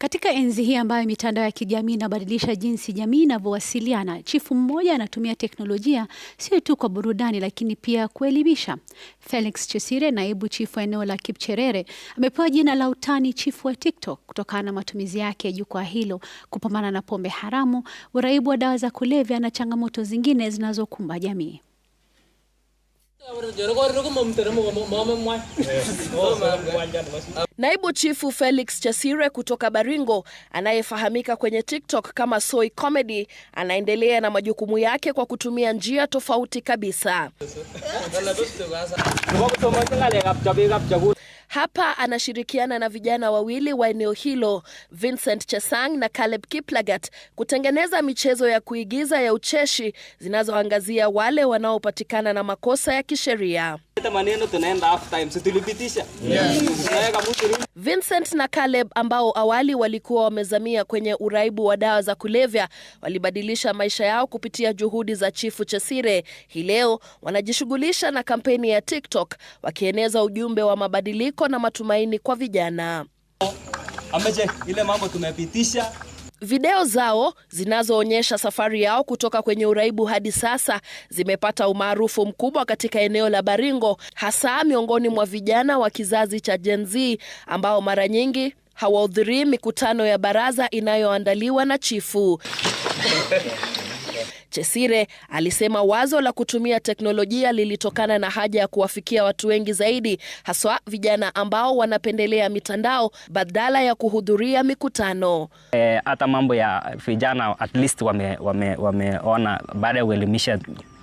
Katika enzi hii ambayo mitandao ya kijamii inabadilisha jinsi jamii inavyowasiliana, chifu mmoja anatumia teknolojia sio tu kwa burudani, lakini pia kuelimisha. Felix Chesire, naibu chifu wa eneo la Kipcherere, amepewa jina la utani chifu wa TikTok kutokana na matumizi yake ya jukwaa hilo kupambana na pombe haramu, uraibu wa dawa za kulevya na changamoto zingine zinazokumba jamii. Naibu Chifu Felix chasire kutoka Baringo anayefahamika kwenye TikTok kama Soy Comedy anaendelea na majukumu yake kwa kutumia njia tofauti kabisa. Hapa anashirikiana na vijana wawili wa eneo hilo, Vincent Chesang na Caleb Kiplagat, kutengeneza michezo ya kuigiza ya ucheshi zinazoangazia wale wanaopatikana na makosa ya kisheria. Maneno tunaenda half time, si tulipitisha? Yes. Yes. Vincent na Caleb ambao awali walikuwa wamezamia kwenye uraibu wa dawa za kulevya walibadilisha maisha yao kupitia juhudi za Chifu Chesire. Hii leo wanajishughulisha na kampeni ya TikTok wakieneza ujumbe wa mabadiliko na matumaini kwa vijana. Ameje ile mambo tumepitisha Video zao zinazoonyesha safari yao kutoka kwenye uraibu hadi sasa zimepata umaarufu mkubwa katika eneo la Baringo, hasa miongoni mwa vijana wa kizazi cha Gen Z ambao mara nyingi hawahudhurii mikutano ya baraza inayoandaliwa na chifu. Chesire alisema wazo la kutumia teknolojia lilitokana na haja ya kuwafikia watu wengi zaidi, haswa vijana ambao wanapendelea mitandao badala ya kuhudhuria mikutano. Eh, hata e, mambo ya vijana at least wameona wame, wame baada ya kuelimisha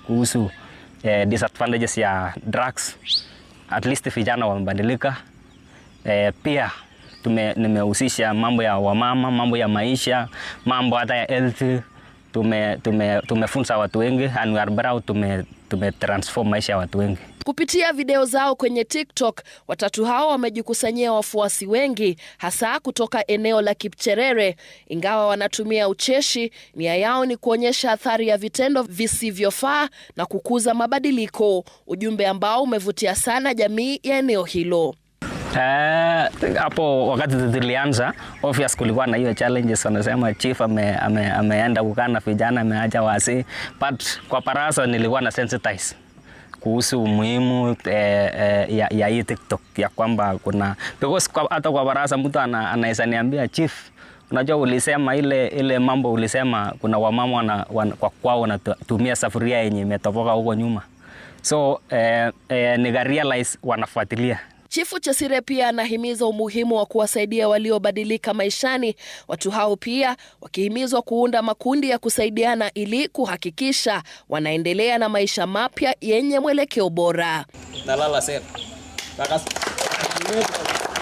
kuhusu e, disadvantages ya drugs at least vijana wamebadilika. E, pia tume, nimehusisha mambo ya wamama, mambo ya maisha, mambo hata ya health tume, tume, tumefunza watu wengi Anwar Barau tume, maisha ya watu wengi kupitia video zao kwenye TikTok. Watatu hao wamejikusanyia wafuasi wengi hasa kutoka eneo la Kipcherere. Ingawa wanatumia ucheshi, nia yao ni kuonyesha athari ya vitendo visivyofaa na kukuza mabadiliko, ujumbe ambao umevutia sana jamii ya eneo hilo hapo uh, wakati tulianza obvious kulikuwa na hiyo challenges, wanasema chief ame, ame, ameenda kukaa na vijana ameacha wasi, but kwa Parasa nilikuwa na sensitize kuhusu umuhimu eh, eh, ya, ya hii TikTok ya kwamba kuna because kwa, hata kwa Parasa mtu anaweza niambia chief Unajua, ulisema ile ile mambo ulisema kuna wamama wana, wana, kwa kwao wanatumia safuria yenye imetoboka huko nyuma, so eh, eh, nika realize wanafuatilia Chifu Chesire pia anahimiza umuhimu wa kuwasaidia waliobadilika maishani, watu hao pia wakihimizwa kuunda makundi ya kusaidiana ili kuhakikisha wanaendelea na maisha mapya yenye mwelekeo bora. Nalala sera.